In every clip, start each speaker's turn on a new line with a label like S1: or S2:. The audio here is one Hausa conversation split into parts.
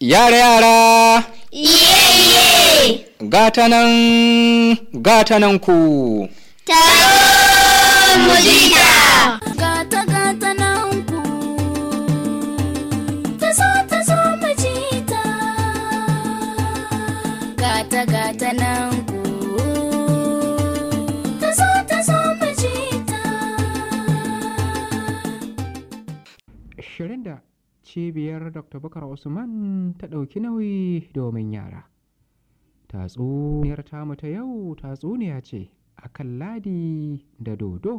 S1: Yara yara! Iye iye! Gata nan, gata nan ku! Taro mujita! cibiyar dr bakar usman ta ɗauki nauyi domin yara tatsuniyar tamu ta yau tatsuniya ce a kan ladi da dodo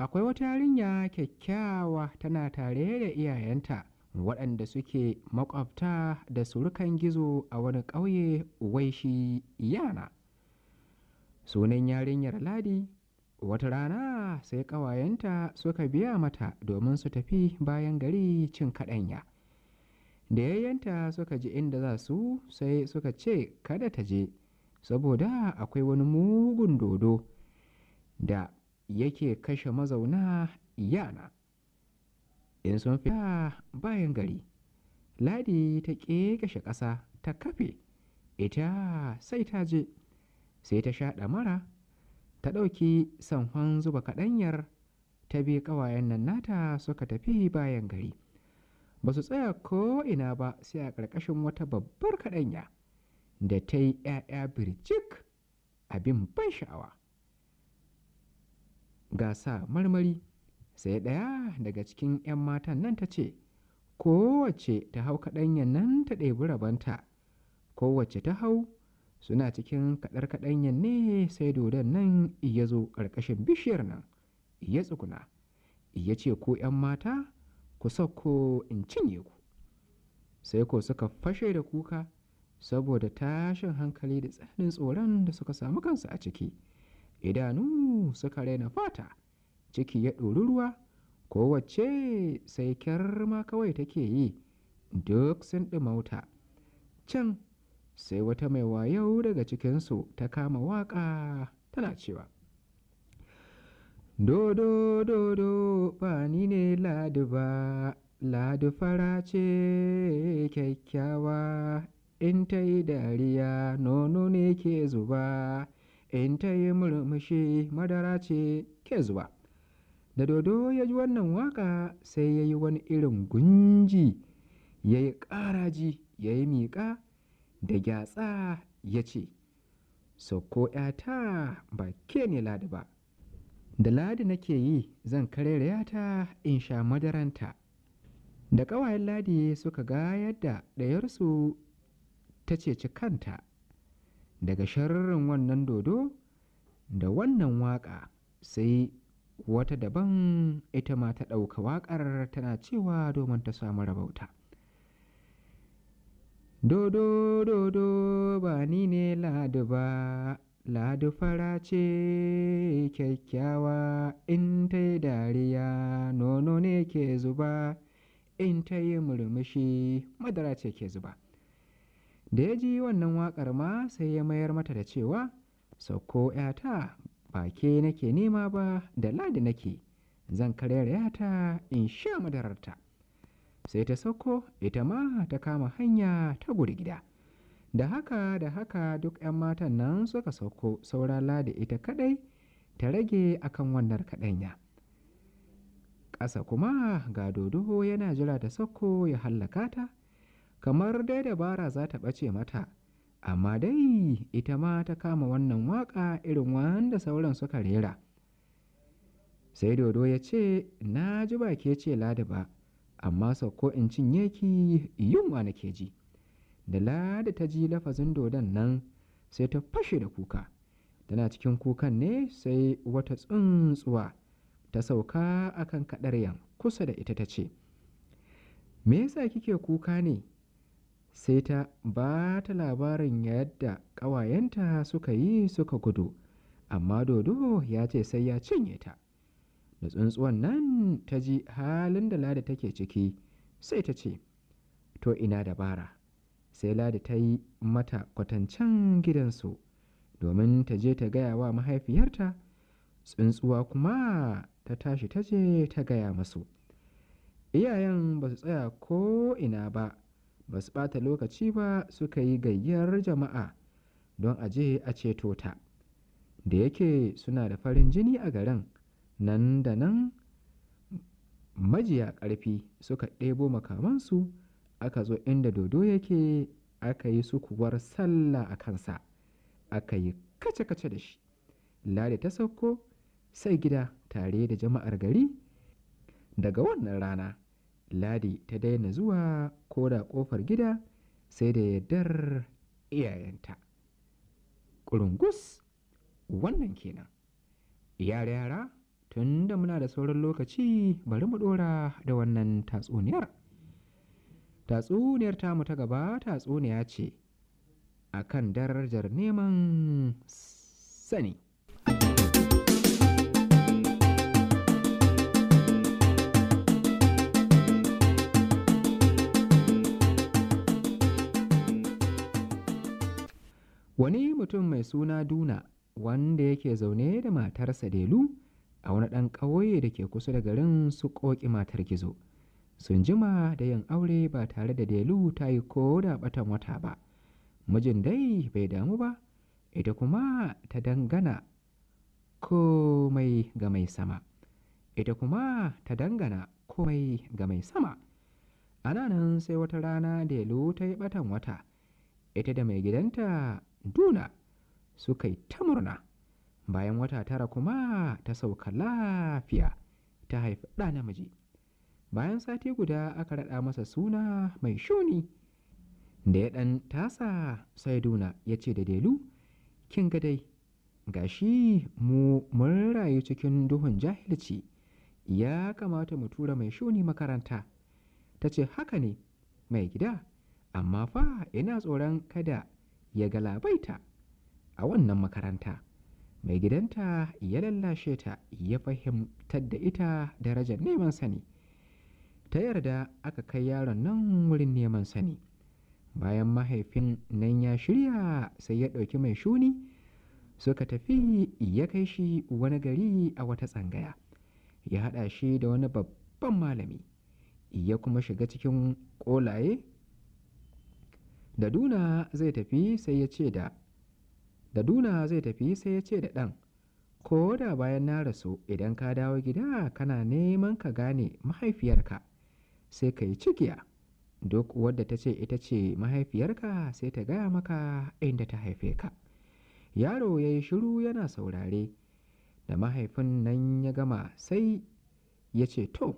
S1: akwai wata yarinya kyakkyawa tana tare da iyayenta waɗanda suke makwabta da surukan gizo a wani ƙauye shi yana sunan yarinyar ladi wata rana sai ƙawayenta suka biya mata domin su tafi bayan gari cin kaɗanya da yayyanta suka ji inda za su sai suka ce kada ta je saboda akwai wani mugun dodo da yake kashe mazauna yana in sun fita bayan gari ladi ta ƙeƙashe ƙasa ta kafe ita sai ta je sai ta sha ɗamara ta ɗauki sanhon zuba kaɗanyar ta bi ƙawayen nan nata suka tafi bayan gari ba su tsaya ko ina ba sai a ƙarƙashin wata babbar kaɗanya da ta yi ‘ya'ya birjik abin ban sha'awa ga sa marmari sai ɗaya daga cikin 'yan matan nan ta ce kowace ta hau kaɗanyan nan ta ɗebi rabanta kowace ta hau suna cikin kaɗar kaɗanyan ne sai dodon nan iya zo ƙarƙashin bishiyar nan iya tsuguna iya ce ko 'yan mata ku sauko in cinye ku sai ko suka fashe da kuka saboda tashin hankali da tsanin tsoron da suka samu kansu a ciki idanu suka raina fata ciki ya ɗori ruwa kowace sai kyarma kawai take yi duk sun mauta can sai wata mai wayau daga cikinsu ta kama waƙa tana cewa dodo dodo ba ni ne ladu ba ladu fara ce kyakkyawa in ta yi dariya nono ne ke zuba in ta yi murmushi madara ce ke zuba Da dodo ya ji wannan waƙa sai ya yi wani irin gunji, ya yi ƙaraji, ya yi miƙa da gyatsa ya ce, Soko ‘yata ba ke ne ladi ba, da ladi nake yi zan karere yata in sha madaranta. Da ƙawayen ladi suka ga yadda ɗayarsu ta ceci kanta daga sharrin wannan dodo da wannan waƙa sai wata daban ita ma ta ɗauka waƙar tana cewa domin ta samu rabauta dodo dodo ba ni ne ladu ba ladu fara ce kyakkyawa in ta yi dariya nono ne ke zuba in ta yi murmushi madara ce ke zuba da ya ji wannan waƙar ma sai ya mayar mata da cewa sauko 'yata ba ke nake nema ba da ladi nake zan karyarya ta in sha madararta sai ta sauko ita ma ta kama hanya ta gudu gida da haka da haka duk 'yan matan nan suka sauko saura ladi ita kadai ta rage akan wannan kadanya ƙasa kuma ga dodo yana jira ta sauko ya hallaka ta kamar dai dabara za ta ɓace mata amma dai ita ma ta kama wannan waka irin wanda sauran suka rera sai dodo ya ce na ji ba ke ce ladi ba amma sauko in cinye ki yunwa na ke ji da ladi ta ji lafazin dodon nan sai ta fashe da kuka tana cikin kukan ne sai wata tsuntsuwa ta sauka akan kaɗaryan kusa da ita ta ce me yasa kike kuka ne sai ta ba ta labarin yadda ƙawayenta suka yi suka gudu amma dodo ya ce sai ya cinye ta da tsuntsuwan nan ta ji halin da lada take ciki sai ta ce to ina dabara sai lada ta yi mata kwatancen gidansu domin ta je ta gaya wa mahaifiyarta tsuntsuwa kuma ta tashi ta je ta gaya masu iyayen ba su tsaya ko ina ba ba su ɓata lokaci ba suka yi gayyar jama'a don a je a ceto ta da yake suna da farin jini a garin nan da nan majiya ƙarfi suka ɗebo makamansu aka zo inda dodo yake aka yi sukuwar sallah a kansa aka yi kace-kace da shi lare ta sauko sai gida tare da jama'ar gari daga wannan rana ladi ta daina zuwa ko da ƙofar gida sai da yardar iyayenta ƙurungus wannan kenan yare yara tun muna da sauran lokaci bari mu ɗora da wannan tatsuniyar tatsuniyar tamu ta gaba tatsuniya ce a kan darajar neman sani wani mutum mai suna duna wanda yake zaune da matarsa delu a wani ɗan ƙauye da ke kusa da garin su ƙoƙi matar gizo sun jima da yin aure ba tare da delu ta yi ko da ɓatan wata ba mijin dai bai damu ba ita kuma ta dangana komai ga mai sama ita kuma ta dangana komai ga mai sama ana nan sai wata rana delu ta yi ɓatan wata ita da mai gidanta duna suka yi ta murna bayan wata tara kuma ta sauka lafiya ta haifi ɗa namiji bayan sati guda aka raɗa masa suna mai shuni da ya ɗan tasa sai duna ya ce da delu kin ga dai gashi mu mun rayu cikin duhun jahilci ya kamata mu tura mai shuni makaranta ta ce haka ne mai gida amma fa ina tsoron kada ya galabaita a wannan makaranta mai gidanta ya lallashe ta ya fahimtar da ita darajar neman sani ta yarda aka kai yaron nan wurin neman sani bayan mahaifin nan ya shirya sai ya ɗauki mai shuni suka tafi ya kai shi wani gari a wata tsangaya ya haɗa shi da wani babban malami ya kuma shiga cikin ƙolaye daduna zai tafi sai ya ce da da zai tafi sai ya ce da ɗan ko da bayan na rasu idan ka dawo gida kana neman ka gane mahaifiyarka sai ka yi cikiya duk wadda ta ce ita ce mahaifiyarka sai ta gaya maka inda ta haife ka yaro ya yi shiru yana saurare da mahaifin nan ya gama sai ya ce to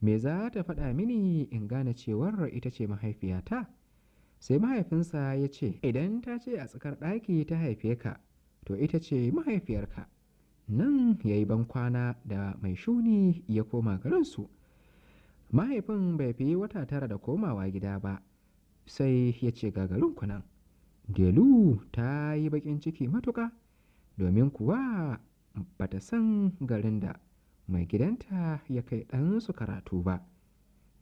S1: me za ta faɗa mini in gane cewar ita ce mahaifiyata sai mahaifinsa ya ce idan ta ce a tsakar ɗaki ta haife ka to ita ce mahaifiyarka nan ya yi bankwana da mai shuni ya koma garinsu mahaifin bai fi wata tara da komawa gida ba sai ya ce gagarin kunan delu ta yi bakin ciki matuka domin kuwa bata san garin da mai gidanta ya kai ɗansu karatu ba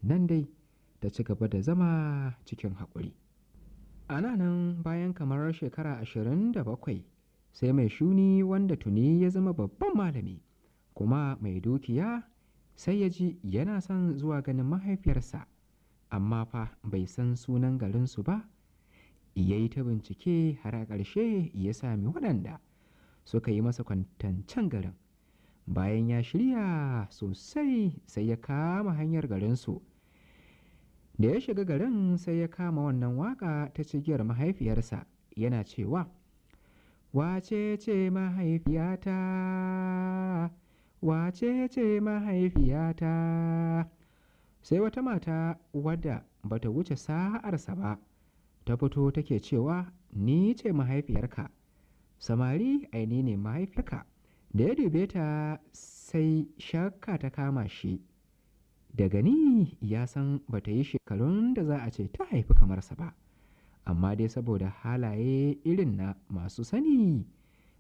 S1: nan dai ta ci gaba da zama cikin haƙuri ana nan bayan kamar shekara 27 sai mai shuni wanda tuni ya zama babban malami kuma mai dukiya sai ya ji yana son zuwa ganin mahaifiyarsa amma fa bai san sunan garinsu ba ya yi ta bincike har a ƙarshe ya sami waɗanda suka yi masa kwantancen garin bayan ya shirya sosai sai ya kama hanyar garinsu da ya shiga garin sai ya kama wannan waka ta cigiyar mahaifiyarsa yana cewa wace ce mahaifiyata wace ce mahaifiyata sai wata mata wadda bata wuce sa'arsa ba ta fito take cewa ni ce mahaifiyarka samari aini ne mahaifiyarka da ya dube ta sai shakka ta kama shi da gani ya san ba ta yi shekarun da za a ce ta haifi kamarsa ba amma dai saboda halaye irin na masu sani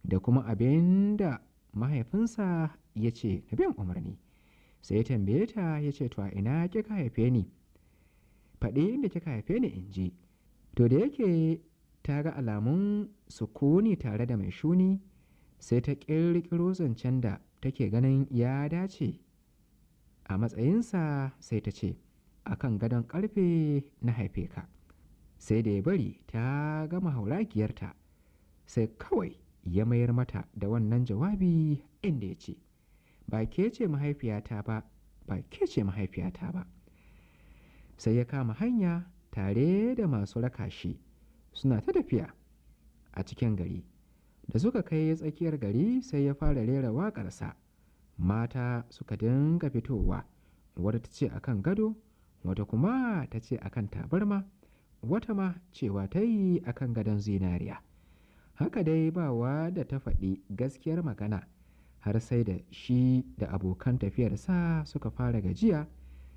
S1: da kuma abin da mahaifinsa ya ce na bin umarni sai ya tambaye ta ya ce to a ina kika haife ni faɗi inda kika haife ni in ji to da yake ta ga alamun sukuni tare da mai shuni sai ta ƙirƙiro zancen da take ganin ya dace a matsayinsa sai ta ce a kan gadon ƙarfe na haife ka sai da ya bari ta gama ta sai kawai ya mayar mata da wannan jawabi inda ya ce ba ke ce mahaifiyata ba ba ke ce mahaifiyata ba sai ya kama hanya tare da masu raka shi suna ta tafiya a cikin gari da suka kai tsakiyar gari sai ya fara rera waƙarsa mata suka dinga fitowa wata ta ce akan gado wata kuma ta ce akan tabarma wata ma cewa ta yi akan gadon zinariya haka dai bawa da ta faɗi gaskiyar magana har sai da shi da abokan tafiyarsa suka fara gajiya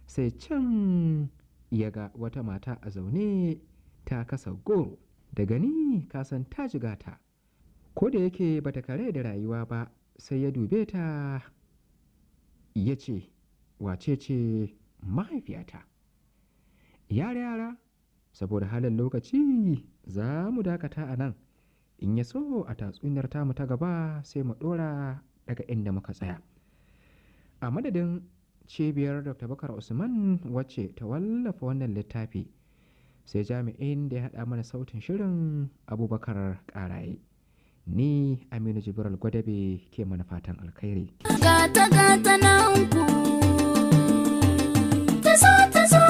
S1: sai can ya ga wata mata a zaune ta kasa goro da gani kasan ta jigata ko da yake bata kare da rayuwa ba sai ya dube ta ya ce wace ce mahaifiyata yara yara saboda halin lokaci za mu dakata a nan in ya so a tatsuniyar tamu ta gaba sai mu ɗora daga inda muka tsaya a madadin cibiyar dr bakar usman wacce ta wallafa wannan littafi sai jami'in da ya haɗa mana sautin shirin abubakar ƙaraye. ni aminu jibiral gwadabe ke mana fatan alkhairi gata gata na ta zo ta